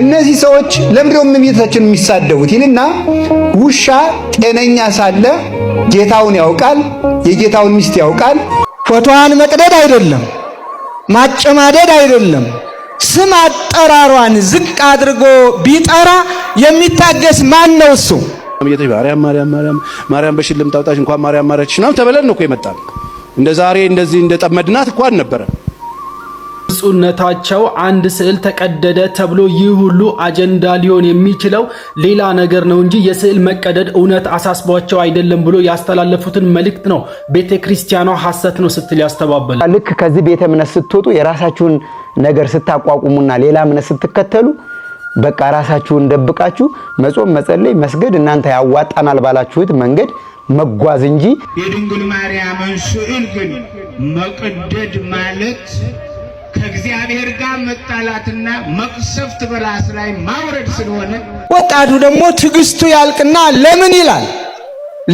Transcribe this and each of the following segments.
እነዚህ ሰዎች ለምንድነው እመቤታችን የሚሳደቡት ይልና ውሻ ጤነኛ ሳለ ጌታውን ያውቃል፣ የጌታውን ሚስት ያውቃል። ፎቶዋን መቅደድ አይደለም ማጨማደድ አይደለም ስም አጠራሯን ዝቅ አድርጎ ቢጠራ የሚታገስ ማን ነው? እሱ ማርያም ማርያም ማርያም ማርያም በሽልም ታውጣሽ እንኳን ማርያም ማረችሽ ነው ተበለን ነው እኮ የመጣን እንደ ዛሬ እንደዚህ እንደ ጠመድናት እኮ አልነበረ ብፁዕነታቸው አንድ ስዕል ተቀደደ ተብሎ ይህ ሁሉ አጀንዳ ሊሆን የሚችለው ሌላ ነገር ነው እንጂ የስዕል መቀደድ እውነት አሳስቧቸው አይደለም ብሎ ያስተላለፉትን መልእክት ነው ቤተ ክርስቲያኗ ሐሰት ነው ስትል ያስተባበል። ልክ ከዚህ ቤተ እምነት ስትወጡ የራሳችሁን ነገር ስታቋቁሙና ሌላ እምነት ስትከተሉ በቃ ራሳችሁን ደብቃችሁ መጾም፣ መጸለይ፣ መስገድ እናንተ ያዋጣናል ባላችሁት መንገድ መጓዝ እንጂ የድንግል ማርያምን ስዕል ግን መቀደድ ማለት ከእግዚአብሔር ጋር መጣላትና መቅሰፍት በራስ ላይ ማውረድ ስለሆነ ወጣቱ ደግሞ ትዕግስቱ ያልቅና ለምን ይላል።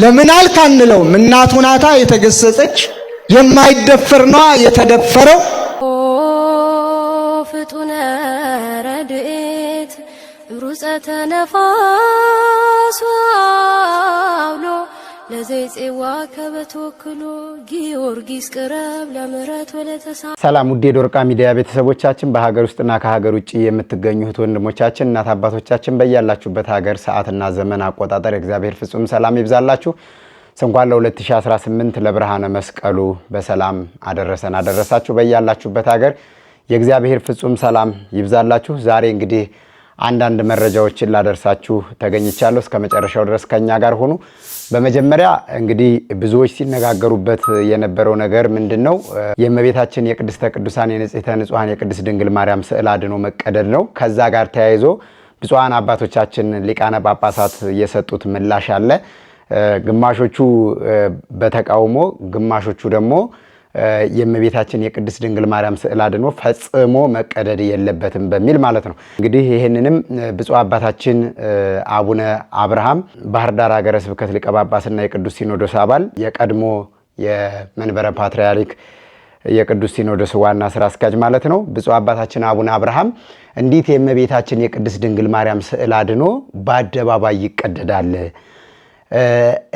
ለምን አልክ አንለውም። እናቱ ናታ የተገሰጸች የማይደፈር ነዋ የተደፈረው። ፍጡነ ረድኤት ሩፀተ ነፋስ አውሎ ሰላም ውድ የዶርቃ ሚዲያ ቤተሰቦቻችን በሀገር ውስጥና ከሀገር ውጭ የምትገኙ እህት ወንድሞቻችን እናት አባቶቻችን በያላችሁበት ሀገር ሰዓትና ዘመን አቆጣጠር እግዚአብሔር ፍጹም ሰላም ይብዛላችሁ። እንኳን ለ2018 ለብርሃነ መስቀሉ በሰላም አደረሰን አደረሳችሁ። በያላችሁበት ሀገር የእግዚአብሔር ፍጹም ሰላም ይብዛላችሁ። ዛሬ እንግዲህ አንዳንድ መረጃዎችን ላደርሳችሁ ተገኝቻለሁ። እስከ መጨረሻው ድረስ ከኛ ጋር ሆኑ። በመጀመሪያ እንግዲህ ብዙዎች ሲነጋገሩበት የነበረው ነገር ምንድን ነው? የእመቤታችን የቅድስተ ቅዱሳን የንጽሕተ ንጹሐን የቅድስት ድንግል ማርያም ስዕል አድኖ መቀደድ ነው። ከዛ ጋር ተያይዞ ብፁዓን አባቶቻችን ሊቃነ ጳጳሳት የሰጡት ምላሽ አለ። ግማሾቹ በተቃውሞ ግማሾቹ ደግሞ የእመቤታችን የቅድስት ድንግል ማርያም ስዕል አድኖ ፈጽሞ መቀደድ የለበትም በሚል ማለት ነው። እንግዲህ ይህንንም ብፁዕ አባታችን አቡነ አብርሃም ባህር ዳር ሀገረ ስብከት ሊቀ ጳጳስና የቅዱስ ሲኖዶስ አባል የቀድሞ የመንበረ ፓትርያርክ የቅዱስ ሲኖዶስ ዋና ስራ አስኪያጅ ማለት ነው። ብፁዕ አባታችን አቡነ አብርሃም እንዴት የእመቤታችን የቅድስት ድንግል ማርያም ስዕል አድኖ በአደባባይ ይቀደዳል?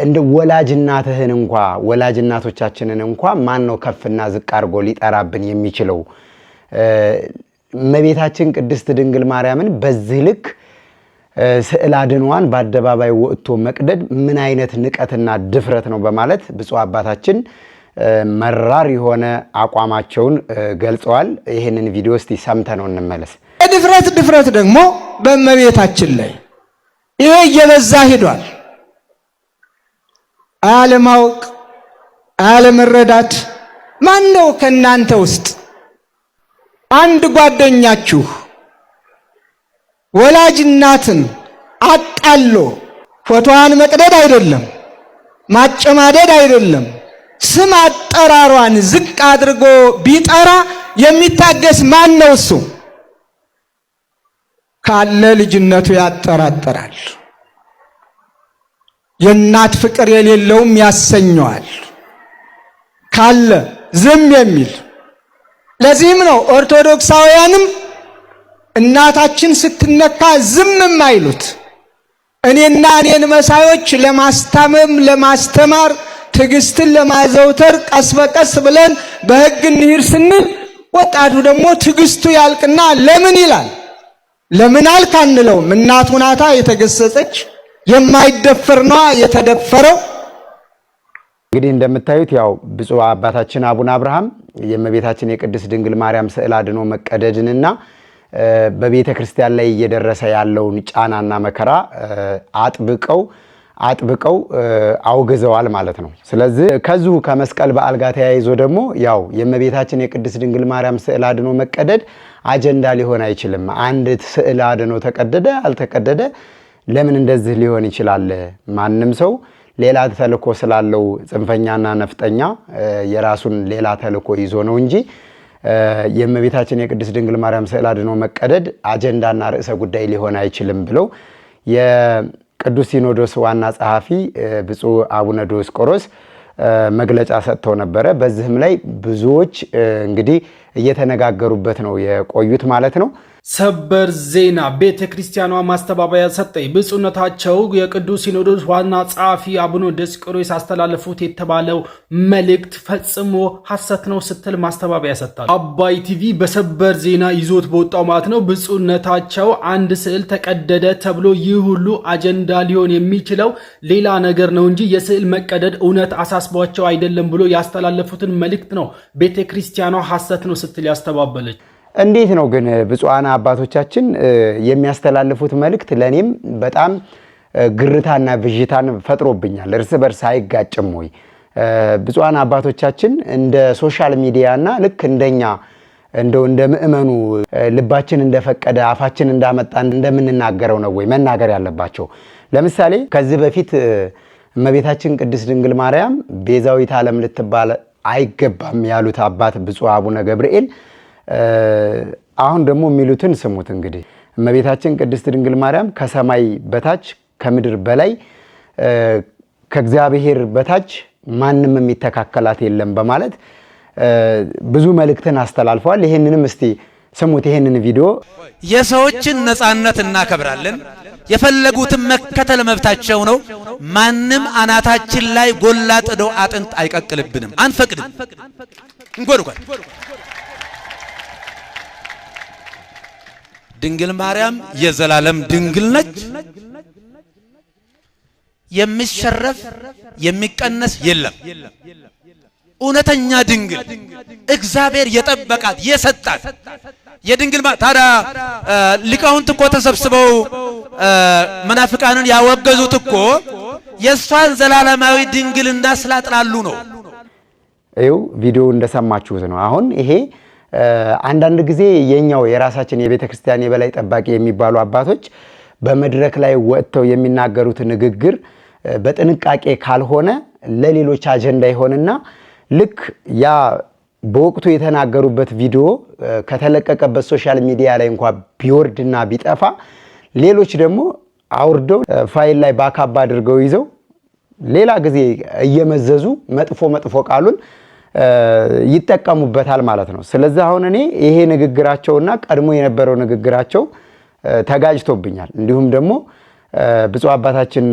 እንደ ወላጅ እናትህን እንኳ ወላጅ እናቶቻችንን እንኳ ማን ነው ከፍና ዝቅ አድርጎ ሊጠራብን የሚችለው? እመቤታችን ቅድስት ድንግል ማርያምን በዚህ ልክ ስዕል አድኗን በአደባባይ ወጥቶ መቅደድ ምን አይነት ንቀትና ድፍረት ነው በማለት ብፁዕ አባታችን መራር የሆነ አቋማቸውን ገልጸዋል። ይህንን ቪዲዮ እስቲ ነው እንመለስ። ድፍረት ድፍረት ደግሞ በእመቤታችን ላይ ይሄ እየበዛ ሂዷል። አለማወቅ፣ አለመረዳት። ማን ነው ከእናንተ ውስጥ አንድ ጓደኛችሁ ወላጅ እናትን አጣሎ ፎቶዋን መቅደድ አይደለም ማጨማደድ አይደለም ስም አጠራሯን ዝቅ አድርጎ ቢጠራ የሚታገስ ማን ነው? እሱ ካለ ልጅነቱ ያጠራጠራል። የእናት ፍቅር የሌለውም ያሰኘዋል ካለ ዝም የሚል ለዚህም ነው ኦርቶዶክሳውያንም እናታችን ስትነካ ዝም የማይሉት እኔና እኔን መሳዮች ለማስታመም ለማስተማር ትዕግስትን ለማዘውተር ቀስ በቀስ ብለን በህግ እንሂድ ስንል ወጣቱ ደግሞ ትዕግስቱ ያልቅና ለምን ይላል። ለምን አልክ አንለውም። እናቱ ናታ የተገሰጸች የማይደፈር ነዋ የተደፈረው። እንግዲህ እንደምታዩት ያው ብፁዕ አባታችን አቡነ አብርሃም የእመቤታችን የቅድስት ድንግል ማርያም ስዕል አድኖ መቀደድንና በቤተ ክርስቲያን ላይ እየደረሰ ያለውን ጫናና መከራ አጥብቀው አጥብቀው አውግዘዋል ማለት ነው። ስለዚህ ከዚሁ ከመስቀል በዓል ጋር ተያይዞ ደግሞ ያው የእመቤታችን የቅድስት ድንግል ማርያም ስዕል አድኖ መቀደድ አጀንዳ ሊሆን አይችልም። አንድ ስዕል አድኖ ተቀደደ አልተቀደደ ለምን እንደዚህ ሊሆን ይችላል? ማንም ሰው ሌላ ተልእኮ ስላለው ጽንፈኛና ነፍጠኛ የራሱን ሌላ ተልእኮ ይዞ ነው እንጂ የእመቤታችን የቅድስት ድንግል ማርያም ስዕል አድኖ መቀደድ አጀንዳና ርዕሰ ጉዳይ ሊሆን አይችልም ብለው የቅዱስ ሲኖዶስ ዋና ጸሐፊ ብፁዕ አቡነ ዲዮስቆሮስ መግለጫ ሰጥተው ነበረ። በዚህም ላይ ብዙዎች እንግዲህ እየተነጋገሩበት ነው የቆዩት ማለት ነው። ሰበር ዜና ቤተ ክርስቲያኗ ማስተባበያ ሰጠኝ። ብፁዕነታቸው የቅዱስ ሲኖዶስ ዋና ጸሐፊ አቡነ ዲዮስቆሮስ አስተላለፉት የተባለው መልእክት ፈጽሞ ሐሰት ነው ስትል ማስተባበያ ሰጥታል። አባይ ቲቪ በሰበር ዜና ይዞት በወጣው ማለት ነው ብፁዕነታቸው አንድ ስዕል ተቀደደ ተብሎ ይህ ሁሉ አጀንዳ ሊሆን የሚችለው ሌላ ነገር ነው እንጂ የስዕል መቀደድ እውነት አሳስቧቸው አይደለም ብሎ ያስተላለፉትን መልእክት ነው ቤተ ክርስቲያኗ ሐሰት ነው ስትል ያስተባበለች። እንዴት ነው ግን ብፁዓን አባቶቻችን የሚያስተላልፉት መልእክት ለእኔም በጣም ግርታና ብዥታን ፈጥሮብኛል። እርስ በርስ አይጋጭም ወይ? ብፁዓን አባቶቻችን እንደ ሶሻል ሚዲያና ልክ እንደኛ እንደው እንደ ምእመኑ ልባችን እንደፈቀደ አፋችን እንዳመጣ እንደምንናገረው ነው ወይ መናገር ያለባቸው? ለምሳሌ ከዚህ በፊት እመቤታችን ቅድስት ድንግል ማርያም ቤዛዊት ዓለም ልትባል አይገባም ያሉት አባት ብፁዕ አቡነ ገብርኤል አሁን ደግሞ የሚሉትን ስሙት እንግዲህ እመቤታችን ቅድስት ድንግል ማርያም ከሰማይ በታች ከምድር በላይ ከእግዚአብሔር በታች ማንም የሚተካከላት የለም በማለት ብዙ መልእክትን አስተላልፈዋል። ይህንንም እስቲ ስሙት። ይህንን ቪዲዮ የሰዎችን ነፃነት እናከብራለን። የፈለጉትን መከተል መብታቸው ነው። ማንም አናታችን ላይ ጎላ ጥዶ አጥንት አይቀቅልብንም፣ አንፈቅድም። እንጎድጓድ ድንግል ማርያም የዘላለም ድንግል ነች። የሚሸረፍ የሚቀነስ የለም። እውነተኛ ድንግል እግዚአብሔር የጠበቃት የሰጣት የድንግል ታዲያ ሊቃውንት እኮ ተሰብስበው መናፍቃንን ያወገዙት እኮ የእሷን ዘላለማዊ ድንግልና ስላጥላሉ ነው። ይኸው ቪዲዮ እንደሰማችሁት ነው። አሁን ይሄ አንዳንድ ጊዜ የኛው የራሳችን የቤተ ክርስቲያን የበላይ ጠባቂ የሚባሉ አባቶች በመድረክ ላይ ወጥተው የሚናገሩት ንግግር በጥንቃቄ ካልሆነ ለሌሎች አጀንዳ ይሆንና ልክ ያ በወቅቱ የተናገሩበት ቪዲዮ ከተለቀቀበት ሶሻል ሚዲያ ላይ እንኳ ቢወርድና ቢጠፋ ሌሎች ደግሞ አውርደው ፋይል ላይ ባካባ አድርገው ይዘው ሌላ ጊዜ እየመዘዙ መጥፎ መጥፎ ቃሉን ይጠቀሙበታል ማለት ነው። ስለዚህ አሁን እኔ ይሄ ንግግራቸውና ቀድሞ የነበረው ንግግራቸው ተጋጅቶብኛል። እንዲሁም ደግሞ ብፁዕ አባታችን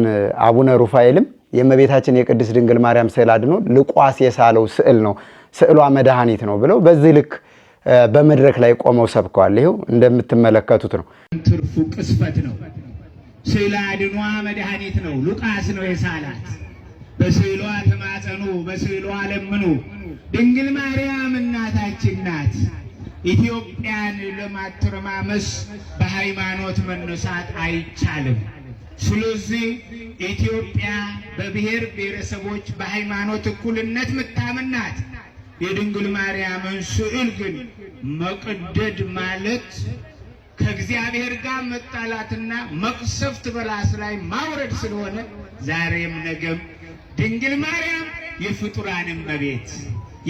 አቡነ ሩፋኤልም የእመቤታችን የቅድስት ድንግል ማርያም ስዕል አድኖ ልቋስ የሳለው ስዕል ነው፣ ስዕሏ መድኃኒት ነው ብለው በዚህ ልክ በመድረክ ላይ ቆመው ሰብከዋል። ይኸው እንደምትመለከቱት ነው። ትርፉ ቅስፈት ነው። ስዕል አድኗ መድኃኒት ነው። ሉቃስ ነው የሳላት። በስዕሏ ተማጸኑ፣ በስዕሏ ለምኑ ድንግል ማርያም እናታችን ናት። ኢትዮጵያን ለማተረማመስ በሃይማኖት መነሳት አይቻልም። ስለዚህ ኢትዮጵያ በብሔር ብሔረሰቦች በሃይማኖት እኩልነት ምታምን ናት። የድንግል ማርያምን ስዕል ግን መቅደድ ማለት ከእግዚአብሔር ጋር መጣላትና መቅሰፍት በራስ ላይ ማውረድ ስለሆነ ዛሬም ነገም ድንግል ማርያም የፍጡራን እመቤት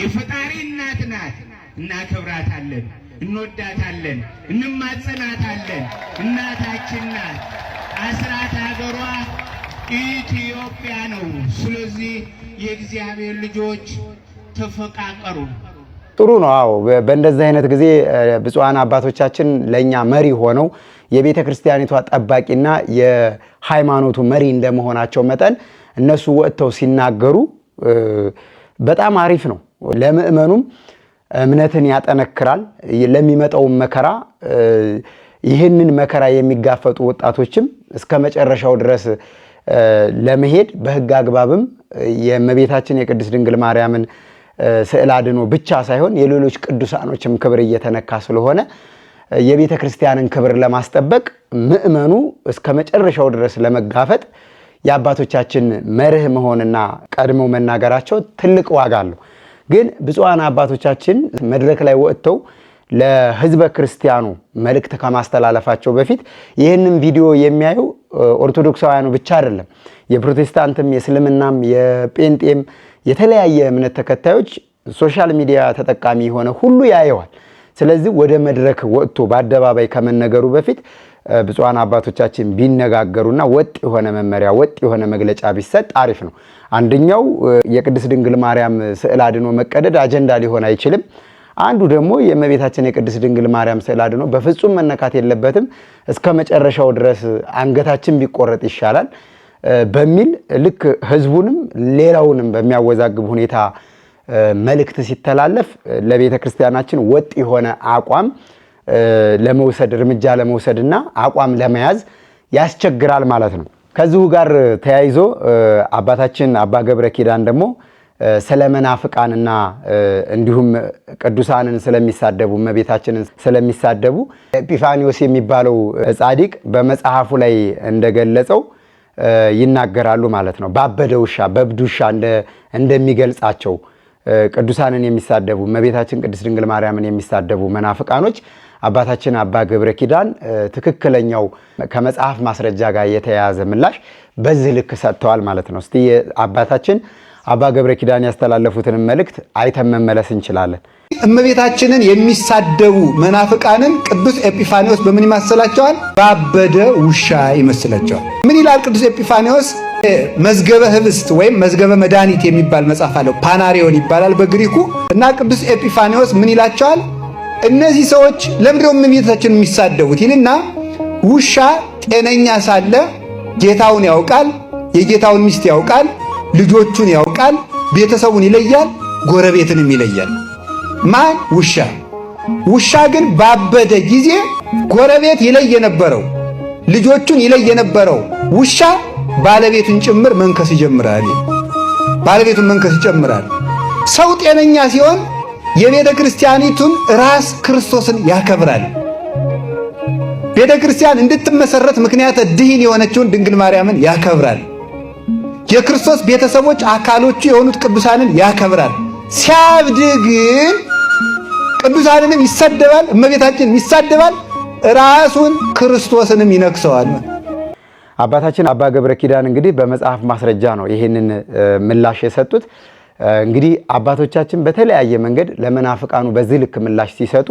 የፈጣሪ እናት ናት። እናከብራታለን፣ እንወዳታለን፣ እንማጸናታለን። እናታችን ናት። አስራት ሀገሯ ኢትዮጵያ ነው። ስለዚህ የእግዚአብሔር ልጆች ተፈቃቀሩ። ጥሩ ነው። አዎ በእንደዚህ አይነት ጊዜ ብፁዓን አባቶቻችን ለእኛ መሪ ሆነው የቤተ ክርስቲያኒቷ ጠባቂና የሃይማኖቱ መሪ እንደመሆናቸው መጠን እነሱ ወጥተው ሲናገሩ በጣም አሪፍ ነው። ለምእመኑም እምነትን ያጠነክራል። ለሚመጣውም መከራ ይህንን መከራ የሚጋፈጡ ወጣቶችም እስከ መጨረሻው ድረስ ለመሄድ በሕግ አግባብም የእመቤታችን የቅድስት ድንግል ማርያምን ስዕል አድኖ ብቻ ሳይሆን የሌሎች ቅዱሳኖችም ክብር እየተነካ ስለሆነ የቤተ ክርስቲያንን ክብር ለማስጠበቅ ምእመኑ እስከ መጨረሻው ድረስ ለመጋፈጥ የአባቶቻችን መርህ መሆንና ቀድሞ መናገራቸው ትልቅ ዋጋ አለው። ግን ብፁዓን አባቶቻችን መድረክ ላይ ወጥተው ለህዝበ ክርስቲያኑ መልእክት ከማስተላለፋቸው በፊት ይህንም ቪዲዮ የሚያዩ ኦርቶዶክሳውያኑ ብቻ አይደለም፣ የፕሮቴስታንትም፣ የእስልምናም፣ የጴንጤም የተለያየ እምነት ተከታዮች ሶሻል ሚዲያ ተጠቃሚ የሆነ ሁሉ ያየዋል። ስለዚህ ወደ መድረክ ወጥቶ በአደባባይ ከመነገሩ በፊት ብፁዓን አባቶቻችን ቢነጋገሩና ወጥ የሆነ መመሪያ ወጥ የሆነ መግለጫ ቢሰጥ አሪፍ ነው። አንደኛው የቅድስት ድንግል ማርያም ስዕል አድኖ መቀደድ አጀንዳ ሊሆን አይችልም። አንዱ ደግሞ የእመቤታችን የቅድስት ድንግል ማርያም ስዕል አድኖ በፍጹም መነካት የለበትም፣ እስከ መጨረሻው ድረስ አንገታችን ቢቆረጥ ይሻላል በሚል ልክ ህዝቡንም ሌላውንም በሚያወዛግብ ሁኔታ መልእክት ሲተላለፍ ለቤተ ክርስቲያናችን ወጥ የሆነ አቋም ለመውሰድ እርምጃ ለመውሰድ አቋም ለመያዝ ያስቸግራል ማለት ነው። ከዚሁ ጋር ተያይዞ አባታችን አባ ገብረ ኪዳን ደግሞ ስለ መናፍቃንና እንዲሁም ቅዱሳንን ስለሚሳደቡ እመቤታችንን ስለሚሳደቡ ኤጲፋኒዎስ የሚባለው ጻዲቅ በመጽሐፉ ላይ እንደገለጸው ይናገራሉ ማለት ነው። ባበደ ውሻ በብድ ውሻ እንደሚገልጻቸው ቅዱሳንን የሚሳደቡ እመቤታችን ቅድስት ድንግል ማርያምን የሚሳደቡ መናፍቃኖች አባታችን አባ ገብረ ኪዳን ትክክለኛው ከመጽሐፍ ማስረጃ ጋር የተያያዘ ምላሽ በዚህ ልክ ሰጥተዋል ማለት ነው። እስቲ አባታችን አባ ገብረ ኪዳን ያስተላለፉትን መልእክት አይተን መመለስ እንችላለን። እመቤታችንን የሚሳደቡ መናፍቃንን ቅዱስ ኤጲፋኒዎስ በምን ይመስላቸዋል? ባበደ ውሻ ይመስላቸዋል። ምን ይላል ቅዱስ ኤጲፋኒዎስ? መዝገበ ህብስት ወይም መዝገበ መድኃኒት የሚባል መጽሐፍ አለው። ፓናሪዮን ይባላል በግሪኩ እና ቅዱስ ኤጲፋኒዎስ ምን ይላቸዋል? እነዚህ ሰዎች ለምንድነው እመቤታችን የሚሳደቡት ይልና ውሻ ጤነኛ ሳለ ጌታውን ያውቃል፣ የጌታውን ሚስት ያውቃል፣ ልጆቹን ያውቃል፣ ቤተሰቡን ይለያል፣ ጎረቤትንም ይለያል። ማን ውሻ ውሻ ግን ባበደ ጊዜ ጎረቤት ይለይ የነበረው ልጆቹን ይለይ የነበረው ውሻ ባለቤቱን ጭምር መንከስ ይጀምራል። ባለቤቱን መንከስ ይጀምራል። ሰው ጤነኛ ሲሆን የቤተ ክርስቲያኒቱን ራስ ክርስቶስን ያከብራል። ቤተ ክርስቲያን እንድትመሰረት ምክንያተ እድህን የሆነችውን ድንግል ማርያምን ያከብራል። የክርስቶስ ቤተሰቦች አካሎቹ የሆኑት ቅዱሳንን ያከብራል። ሲያብድ ግን ቅዱሳንንም ይሳደባል እመቤታችንም ይሳደባል፣ ራሱን ክርስቶስንም ይነክሰዋል። አባታችን አባ ገብረ ኪዳን እንግዲህ በመጽሐፍ ማስረጃ ነው ይህንን ምላሽ የሰጡት። እንግዲህ አባቶቻችን በተለያየ መንገድ ለመናፍቃኑ በዚህ ልክ ምላሽ ሲሰጡ፣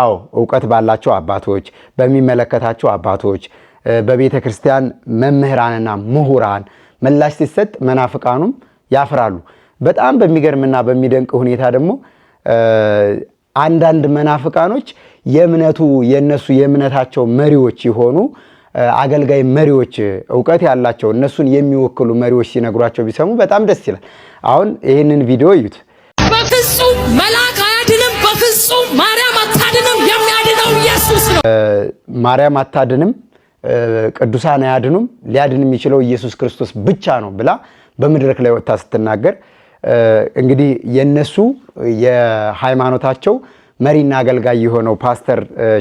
አዎ እውቀት ባላቸው አባቶች፣ በሚመለከታቸው አባቶች፣ በቤተ ክርስቲያን መምህራንና ምሁራን ምላሽ ሲሰጥ መናፍቃኑም ያፍራሉ። በጣም በሚገርምና በሚደንቅ ሁኔታ ደግሞ አንዳንድ መናፍቃኖች የእምነቱ የእነሱ የእምነታቸው መሪዎች የሆኑ አገልጋይ መሪዎች እውቀት ያላቸው እነሱን የሚወክሉ መሪዎች ሲነግሯቸው ቢሰሙ በጣም ደስ ይላል። አሁን ይህንን ቪዲዮ እዩት። በፍጹም መልአክ አያድንም፣ በፍጹም ማርያም አታድንም፣ የሚያድነው ኢየሱስ ነው። ማርያም አታድንም፣ ቅዱሳን አያድኑም፣ ሊያድን የሚችለው ኢየሱስ ክርስቶስ ብቻ ነው ብላ በመድረክ ላይ ወጥታ ስትናገር እንግዲህ የነሱ የሃይማኖታቸው መሪና አገልጋይ የሆነው ፓስተር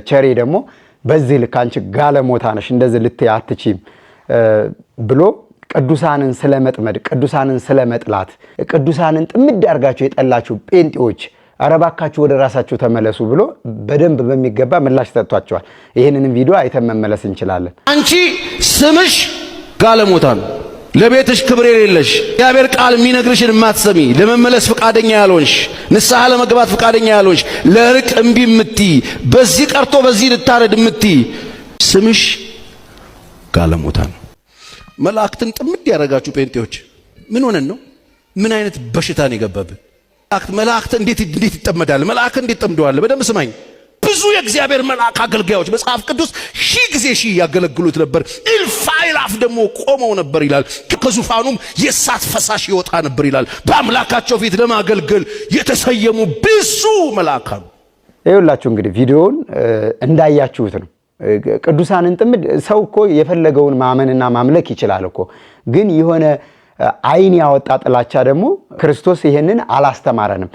ቸሬ ደግሞ በዚህ ልክ አንቺ ጋለሞታ ነሽ እንደዚህ ልትይ አትችም ብሎ ቅዱሳንን ስለመጥመድ ቅዱሳንን ስለመጥላት ቅዱሳንን ጥምድ አድርጋችሁ የጠላችሁ ጴንጤዎች አረባካችሁ ወደ ራሳችሁ ተመለሱ ብሎ በደንብ በሚገባ ምላሽ ሰጥቷቸዋል። ይህንንም ቪዲዮ አይተን መመለስ እንችላለን። አንቺ ስምሽ ጋለሞታ ነው። ለቤትሽ ክብር የሌለሽ እግዚአብሔር ቃል የሚነግርሽን የማትሰሚ ለመመለስ ፈቃደኛ ያልሆንሽ ንስሐ ለመግባት ፈቃደኛ ያልሆንሽ ለእርቅ እምቢ እምቲ በዚህ ቀርቶ በዚህ ልታረድ እምቲ ስምሽ ጋለሞታ ነው። መላእክትን ጥምድ ያደረጋችሁ ጴንጤዎች ምን ሆነን ነው? ምን አይነት በሽታን የገባብን መላእክት እንዴት ይጠመዳል? መላእክት? እንዴት ጠምደዋል? በደንብ ስማኝ። ብዙ የእግዚአብሔር መልአክ አገልጋዮች መጽሐፍ ቅዱስ ሺህ ጊዜ ሺህ ያገለግሉት ነበር። እልፍ አእላፍ ደግሞ ቆመው ነበር ይላል። ከዙፋኑም የእሳት ፈሳሽ ይወጣ ነበር ይላል። በአምላካቸው ፊት ለማገልገል የተሰየሙ ብዙ መልአክ አሉ። ይኸውላችሁ እንግዲህ ቪዲዮውን እንዳያችሁት ነው። ቅዱሳንን ጥምድ ሰው እኮ የፈለገውን ማመንና ማምለክ ይችላል እኮ ግን የሆነ አይን ያወጣ ጥላቻ ደግሞ ክርስቶስ ይህንን አላስተማረንም።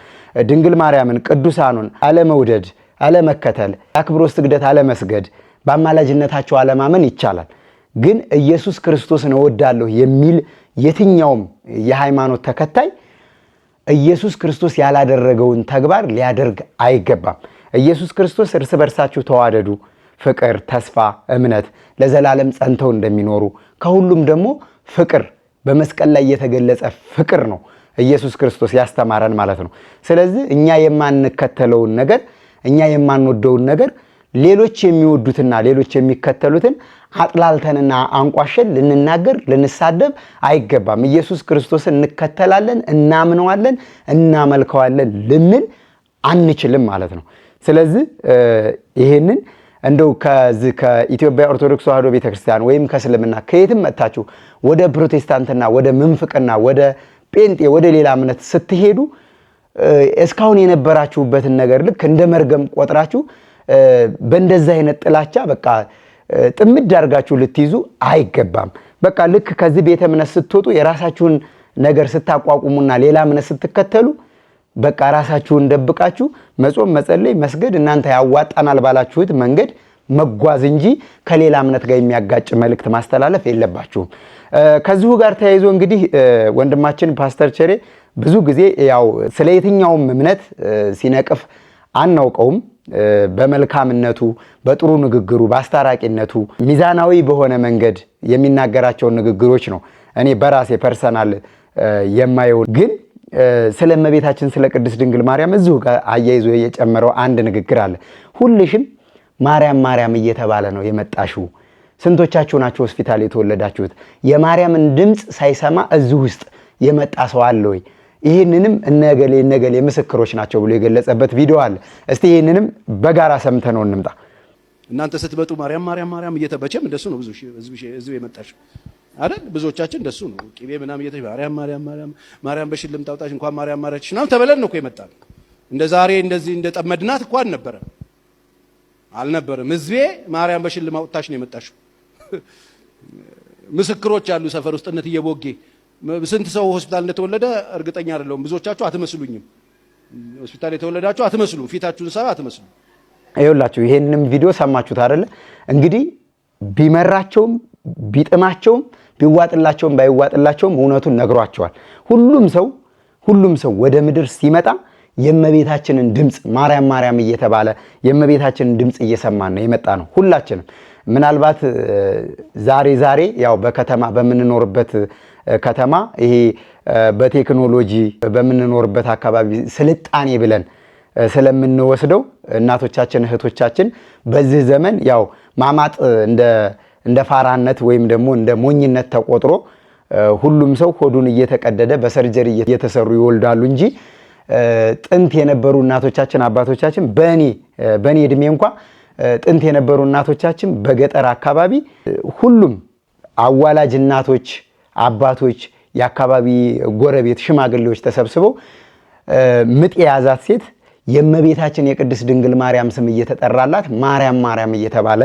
ድንግል ማርያምን ቅዱሳኑን አለመውደድ አለመከተል፣ አክብሮት ስግደት አለመስገድ፣ በአማላጅነታቸው አለማመን ይቻላል። ግን ኢየሱስ ክርስቶስን እወዳለሁ የሚል የትኛውም የሃይማኖት ተከታይ ኢየሱስ ክርስቶስ ያላደረገውን ተግባር ሊያደርግ አይገባም። ኢየሱስ ክርስቶስ እርስ በርሳችሁ ተዋደዱ፣ ፍቅር፣ ተስፋ፣ እምነት ለዘላለም ጸንተው እንደሚኖሩ ከሁሉም ደግሞ ፍቅር በመስቀል ላይ የተገለጸ ፍቅር ነው ኢየሱስ ክርስቶስ ያስተማረን ማለት ነው። ስለዚህ እኛ የማንከተለውን ነገር እኛ የማንወደውን ነገር ሌሎች የሚወዱትና ሌሎች የሚከተሉትን አጥላልተንና አንቋሸን ልንናገር ልንሳደብ አይገባም። ኢየሱስ ክርስቶስን እንከተላለን፣ እናምነዋለን፣ እናመልከዋለን ልንል አንችልም ማለት ነው። ስለዚህ ይሄንን እንደው ከዚህ ከኢትዮጵያ ኦርቶዶክስ ተዋህዶ ቤተክርስቲያን ወይም ከእስልምና ከየትም መጥታችሁ ወደ ፕሮቴስታንትና ወደ ምንፍቅና ወደ ጴንጤ ወደ ሌላ እምነት ስትሄዱ እስካሁን የነበራችሁበትን ነገር ልክ እንደ መርገም ቆጥራችሁ በእንደዛ አይነት ጥላቻ በቃ ጥምድ አድርጋችሁ ልትይዙ አይገባም። በቃ ልክ ከዚህ ቤተ እምነት ስትወጡ የራሳችሁን ነገር ስታቋቁሙና ሌላ እምነት ስትከተሉ በቃ ራሳችሁን ደብቃችሁ መጾም፣ መጸለይ፣ መስገድ እናንተ ያዋጣናል ባላችሁት መንገድ መጓዝ እንጂ ከሌላ እምነት ጋር የሚያጋጭ መልእክት ማስተላለፍ የለባችሁም። ከዚሁ ጋር ተያይዞ እንግዲህ ወንድማችን ፓስተር ቸሬ ብዙ ጊዜ ያው ስለ የትኛውም እምነት ሲነቅፍ አናውቀውም። በመልካምነቱ፣ በጥሩ ንግግሩ፣ በአስታራቂነቱ ሚዛናዊ በሆነ መንገድ የሚናገራቸውን ንግግሮች ነው እኔ በራሴ ፐርሰናል የማየው ግን ስለ እመቤታችን ስለ ቅድስት ድንግል ማርያም እዚሁ ጋር አያይዞ የጨመረው አንድ ንግግር አለ። ሁልሽም ማርያም ማርያም እየተባለ ነው የመጣሽው። ስንቶቻችሁ ናችሁ ሆስፒታል የተወለዳችሁት? የማርያምን ድምፅ ሳይሰማ እዚሁ ውስጥ የመጣ ሰው አለ ወይ? ይህንንም እነገሌ እነገሌ ምስክሮች ናቸው ብሎ የገለጸበት ቪዲዮ አለ። እስቲ ይህንንም በጋራ ነው እንምጣ። እናንተ ስትመጡ ማርያም ማርያም ማርያም እየተበቸም እንደሱ ነው ብዙ ህዝብ የመጣችው አይደል? ብዙዎቻችን እንደሱ ነው ቅቤ ምናምን እየተ ማርያም ማርያም ማርያም ማርያም በሽልም ታውጣሽ እንኳን ማርያም ማረችሽ ምናምን ተበለን ነው እኮ ነው። እንደ ዛሬ እንደዚህ እንደ ጠመድናት እኮ አልነበረም አልነበረም። ህዝቤ ማርያም በሽልም ነው የመጣሽው። ምስክሮች አሉ ሰፈር ውስጥነት እየቦጌ ስንት ሰው ሆስፒታል እንደተወለደ እርግጠኛ አይደለሁም። ብዙዎቻችሁ አትመስሉኝም። ሆስፒታል የተወለዳችሁ አትመስሉም። ፊታችሁን ሰው አትመስሉ። ይኸውላችሁ ይሄንም ቪዲዮ ሰማችሁት አይደለ? እንግዲህ ቢመራቸውም ቢጥማቸውም ቢዋጥላቸውም ባይዋጥላቸውም እውነቱን ነግሯቸዋል። ሁሉም ሰው ሁሉም ሰው ወደ ምድር ሲመጣ የእመቤታችንን ድምፅ ማርያም ማርያም እየተባለ የእመቤታችንን ድምፅ እየሰማን ነው የመጣ ነው ሁላችንም። ምናልባት ዛሬ ዛሬ ያው በከተማ በምንኖርበት ከተማ ይሄ በቴክኖሎጂ በምንኖርበት አካባቢ ስልጣኔ ብለን ስለምንወስደው እናቶቻችን እህቶቻችን በዚህ ዘመን ያው ማማጥ እንደ ፋራነት ወይም ደግሞ እንደ ሞኝነት ተቆጥሮ ሁሉም ሰው ሆዱን እየተቀደደ በሰርጀሪ እየተሰሩ ይወልዳሉ እንጂ ጥንት የነበሩ እናቶቻችን አባቶቻችን በእኔ በእኔ እድሜ እንኳ ጥንት የነበሩ እናቶቻችን በገጠር አካባቢ ሁሉም አዋላጅ እናቶች አባቶች፣ የአካባቢ ጎረቤት ሽማግሌዎች ተሰብስበው ምጥ የያዛት ሴት የእመቤታችን የቅድስት ድንግል ማርያም ስም እየተጠራላት ማርያም ማርያም እየተባለ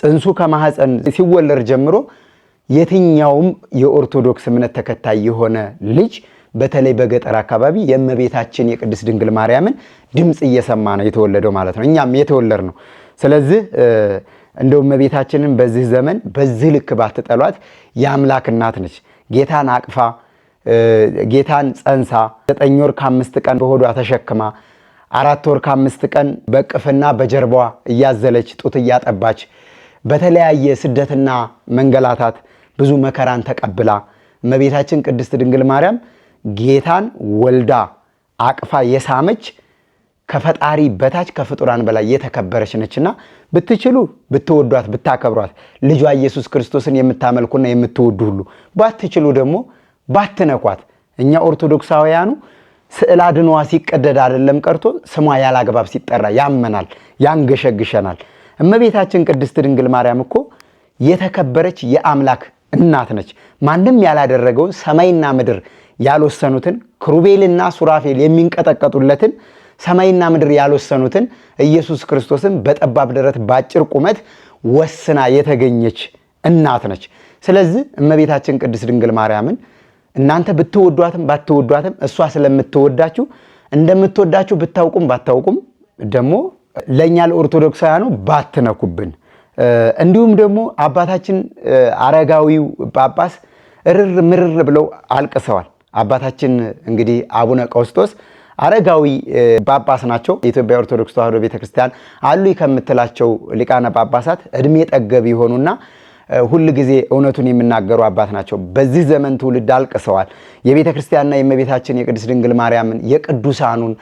ጽንሱ ከማህፀን ሲወለድ ጀምሮ የትኛውም የኦርቶዶክስ እምነት ተከታይ የሆነ ልጅ በተለይ በገጠር አካባቢ የእመቤታችን የቅድስት ድንግል ማርያምን ድምፅ እየሰማ ነው የተወለደው ማለት ነው። እኛም የተወለድ ነው። ስለዚህ እንደውም እመቤታችንን በዚህ ዘመን በዚህ ልክ ባትጠሏት የአምላክ እናት ነች። ጌታን አቅፋ ጌታን ጸንሳ ዘጠኝ ወር ከአምስት ቀን በሆዷ ተሸክማ አራት ወር ከአምስት ቀን በቅፍና በጀርባዋ እያዘለች ጡት እያጠባች በተለያየ ስደትና መንገላታት ብዙ መከራን ተቀብላ እመቤታችን ቅድስት ድንግል ማርያም ጌታን ወልዳ አቅፋ የሳመች ከፈጣሪ በታች ከፍጡራን በላይ የተከበረች ነችና ብትችሉ ብትወዷት ብታከብሯት ልጇ ኢየሱስ ክርስቶስን የምታመልኩና የምትወዱ ሁሉ ባትችሉ ደግሞ ባትነኳት። እኛ ኦርቶዶክሳውያኑ ስዕል አድኗዋ ሲቀደድ አይደለም ቀርቶ ስሟ ያላግባብ ሲጠራ ያመናል፣ ያንገሸግሸናል። እመቤታችን ቅድስት ድንግል ማርያም እኮ የተከበረች የአምላክ እናት ነች። ማንም ያላደረገውን ሰማይና ምድር ያልወሰኑትን ክሩቤልና ሱራፌል የሚንቀጠቀጡለትን ሰማይና ምድር ያልወሰኑትን ኢየሱስ ክርስቶስን በጠባብ ደረት በአጭር ቁመት ወስና የተገኘች እናት ነች። ስለዚህ እመቤታችን ቅድስት ድንግል ማርያምን እናንተ ብትወዷትም ባትወዷትም እሷ ስለምትወዳችሁ እንደምትወዳችሁ ብታውቁም ባታውቁም ደግሞ ለእኛ ለኦርቶዶክሳውያኑ ባትነኩብን። እንዲሁም ደግሞ አባታችን አረጋዊው ጳጳስ እርር ምርር ብለው አልቅሰዋል። አባታችን እንግዲህ አቡነ ቀውስጦስ አረጋዊ ጳጳስ ናቸው። የኢትዮጵያ ኦርቶዶክስ ተዋሕዶ ቤተክርስቲያን አሉ ከምትላቸው ሊቃነ ጳጳሳት እድሜ ጠገብ የሆኑና ሁል ጊዜ እውነቱን የሚናገሩ አባት ናቸው። በዚህ ዘመን ትውልድ አልቅሰዋል። የቤተ ክርስቲያንና የእመቤታችን የቅድስት ድንግል ማርያምን የቅዱሳኑን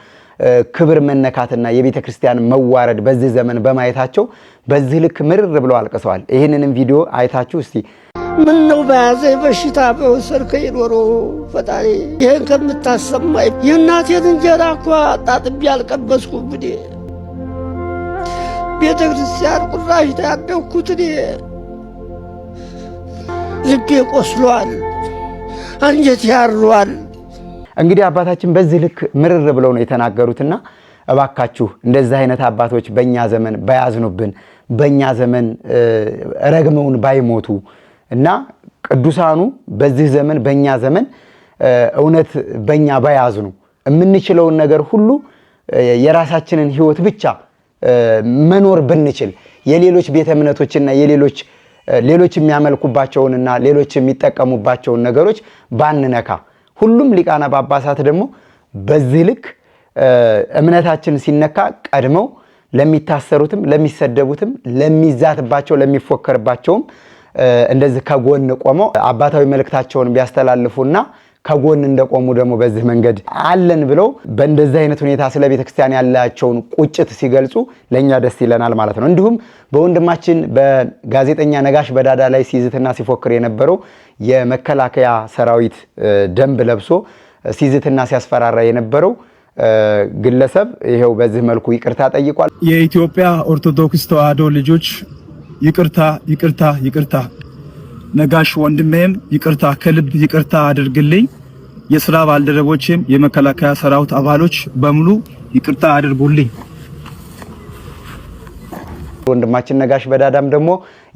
ክብር መነካትና የቤተ ክርስቲያን መዋረድ በዚህ ዘመን በማየታቸው በዚህ ልክ ምርር ብለው አልቅሰዋል። ይህንንም ቪዲዮ አይታችሁ እስቲ ምን ነው በያዘ በሽታ በወሰድከ የኖሮ ፈጣሪ ይህን ከምታሰማይ የእናቴን እንጀራ እኳ ጣጥቤ ያልቀበስኩ ብኔ ቤተ ክርስቲያን ቁራሽ ያደግኩት እኔ ልቤ ቆስሏል፣ አንጀት ያሯል። እንግዲህ አባታችን በዚህ ልክ ምርር ብለው ነው የተናገሩትና እባካችሁ እንደዚህ አይነት አባቶች በእኛ ዘመን ባያዝኑብን፣ በእኛ ዘመን ረግመውን ባይሞቱ እና ቅዱሳኑ በዚህ ዘመን በእኛ ዘመን እውነት በእኛ በያዝ ነው የምንችለውን ነገር ሁሉ የራሳችንን ህይወት ብቻ መኖር ብንችል የሌሎች ቤተ እምነቶችና የሌሎች ሌሎች የሚያመልኩባቸውንና ሌሎች የሚጠቀሙባቸውን ነገሮች ባንነካ፣ ሁሉም ሊቃነ ጳጳሳት ደግሞ በዚህ ልክ እምነታችን ሲነካ ቀድመው ለሚታሰሩትም፣ ለሚሰደቡትም፣ ለሚዛትባቸው፣ ለሚፎከርባቸውም እንደዚህ ከጎን ቆመው አባታዊ መልእክታቸውን ቢያስተላልፉና ከጎን እንደቆሙ ደግሞ በዚህ መንገድ አለን ብለው በእንደዚህ አይነት ሁኔታ ስለ ቤተ ክርስቲያን ያላቸውን ቁጭት ሲገልጹ ለእኛ ደስ ይለናል ማለት ነው። እንዲሁም በወንድማችን በጋዜጠኛ ነጋሽ በዳዳ ላይ ሲዝትና ሲፎክር የነበረው የመከላከያ ሰራዊት ደንብ ለብሶ ሲዝትና ሲያስፈራራ የነበረው ግለሰብ ይኸው በዚህ መልኩ ይቅርታ ጠይቋል። የኢትዮጵያ ኦርቶዶክስ ተዋህዶ ልጆች ይቅርታ ይቅርታ ይቅርታ። ነጋሽ ወንድሜም ይቅርታ፣ ከልብ ይቅርታ አድርግልኝ። የስራ ባልደረቦችም የመከላከያ ሰራዊት አባሎች በሙሉ ይቅርታ አድርጉልኝ። ወንድማችን ነጋሽ በዳዳም ደግሞ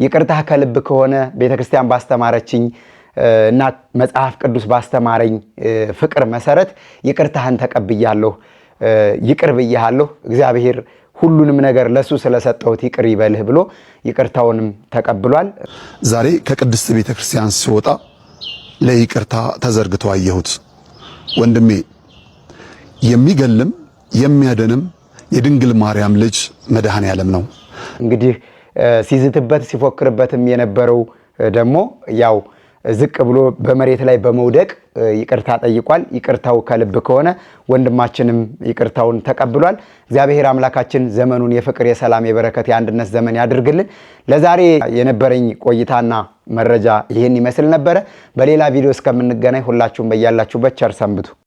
ይቅርታ ከልብ ከሆነ ቤተክርስቲያን ባስተማረችኝ እና መጽሐፍ ቅዱስ ባስተማረኝ ፍቅር መሰረት ይቅርታህን ተቀብያለሁ፣ ይቅር ብያሃለሁ እግዚአብሔር ሁሉንም ነገር ለሱ ስለሰጠሁት ይቅር ይበልህ ብሎ ይቅርታውንም ተቀብሏል። ዛሬ ከቅድስት ቤተ ክርስቲያን ሲወጣ ለይቅርታ ተዘርግቶ አየሁት። ወንድሜ የሚገልም የሚያደንም የድንግል ማርያም ልጅ መድኃኔ ዓለም ነው። እንግዲህ ሲዝትበት ሲፎክርበትም የነበረው ደግሞ ያው ዝቅ ብሎ በመሬት ላይ በመውደቅ ይቅርታ ጠይቋል። ይቅርታው ከልብ ከሆነ ወንድማችንም ይቅርታውን ተቀብሏል። እግዚአብሔር አምላካችን ዘመኑን የፍቅር፣ የሰላም፣ የበረከት፣ የአንድነት ዘመን ያድርግልን። ለዛሬ የነበረኝ ቆይታና መረጃ ይህን ይመስል ነበረ። በሌላ ቪዲዮ እስከምንገናኝ ሁላችሁም በያላችሁበት ቸር ሰንብቱ።